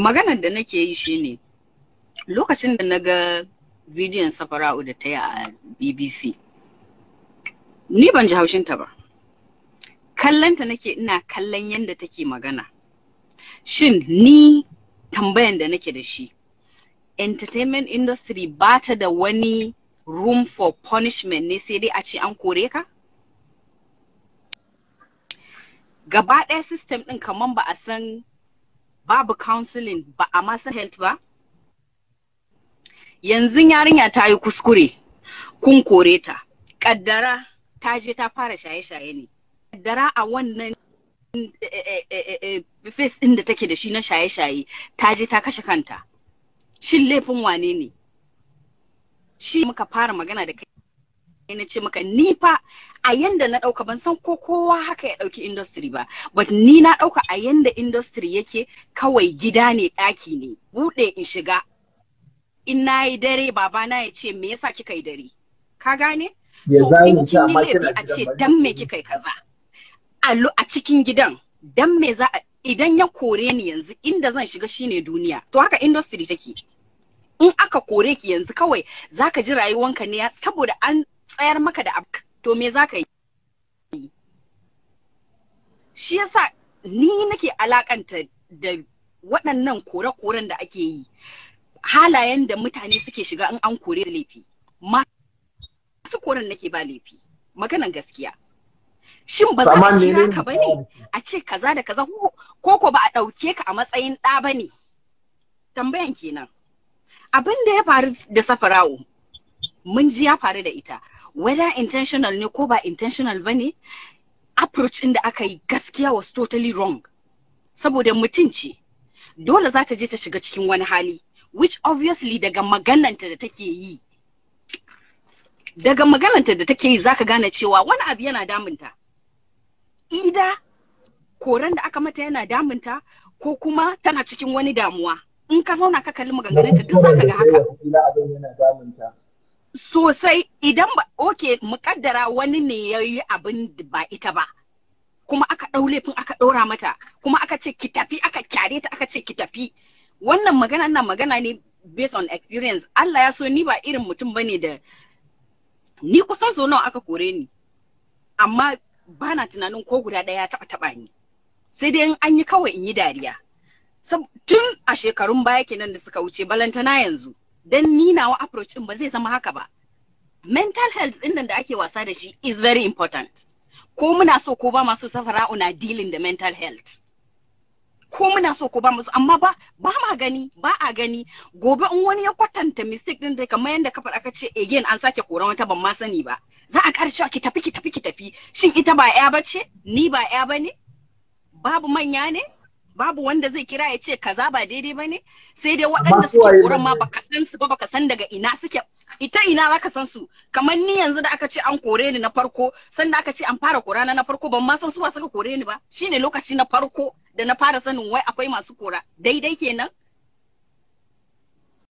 maganar da nake yi shine lokacin da naga ga bidiyon safara'u da ta yi a bbc ni ban ji ta ba kallanta nake ina kallon yadda take magana shin ni tambayan da nake da shi entertainment industry ba ta da wani room for punishment ne sai dai a ce an kore ka gaba ɗaya system ɗin kamar ba a san babu counseling ba a masa health ba yanzu yarinya ta yi kuskure kun kore ta kaddara ta je ta fara shaye-shaye ne kaddara a wannan eh, eh, eh, face din da take da shi na shaye-shaye ta je ta kashe kanta shin laifin wane ne shi muka fara magana da kai na ce maka ni fa a yanda na ɗauka ban san ko kowa haka ya ɗauki industry ba but ni na ɗauka a yanda industry yake kawai gida ne ɗaki ne buɗe in shiga in na yi dare babana ya ce me yasa kika yi dare ka gane so in kin a ce dan me kika yi kaza a cikin gidan dan me za a idan ya kore ni yanzu inda zan shiga shine duniya to haka industry take in aka kore ki yanzu kawai zaka ji rayuwanka ne saboda an tsayar maka da abu to me za ka yi shi yasa ni nake alakanta da waɗannan kore-koren da ake yi halayen da mutane suke shiga in an kore da laifi masu koren nake ba laifi maganan gaskiya shin ba za ka kira ka ne a ce kaza da kaza ko ko ba a ɗauke ka a matsayin ɗa ba ne. tambayan kenan abin da ya faru da safarawo mun ji ya faru da ita whether intentional ne ko ba intentional ba ne approach ɗin da aka yi gaskiya was totally wrong saboda mutum ce dole za ta je ta shiga cikin wani hali which obviously daga magananta da take yi daga magananta da take yi zaka gane cewa wani abu yana damunta ida koran da aka mata yana damunta ko kuma tana cikin wani damuwa in ka zauna ka kalli maganganunta duk zaka ga haka sosai idan ba oke mukaddara wani ne ya yi abin ba ita ba kuma aka ɗau laifin aka ɗora mata kuma aka ce ki tafi aka kyare ta aka ce ki tafi wannan magana na magana ne based on experience Allah ya so ni ba irin mutum bane da ni kusan so nawa aka kore ni amma ba na tunanin ko guda ɗaya taɓa taɓa ni sai dai an yi kawai in yi dariya tun a shekarun baya kenan da suka wuce balantana yanzu dan ninawa approach din ba zai zama haka ba mental health din nan da ake wasa da shi is very important ko muna so ko ba masu safara na dealing da mental health ko muna so ko ba masu amma ba ba ma gani ba a gani gobe in wani ya kwatanta mistake din da kamar yanda ka aka ka ce again an sake koran wata ban ma sani ba za a karshe ki tafi ki tafi ki tafi shin ita ba ya bace ni ba ya bane babu manya ne babu wanda zai kira ya ce kaza ba daidai ba ne sai dai waɗanda suke wurin ma baka san su ba baka san daga ina suke ita ina zaka san su kamar ni yanzu da aka ce an kore ni na farko sanda aka ce an fara kora na na farko ban ma san su ba suka kore ni ba shine lokaci na farko da na fara sanin wai akwai masu kora daidai kenan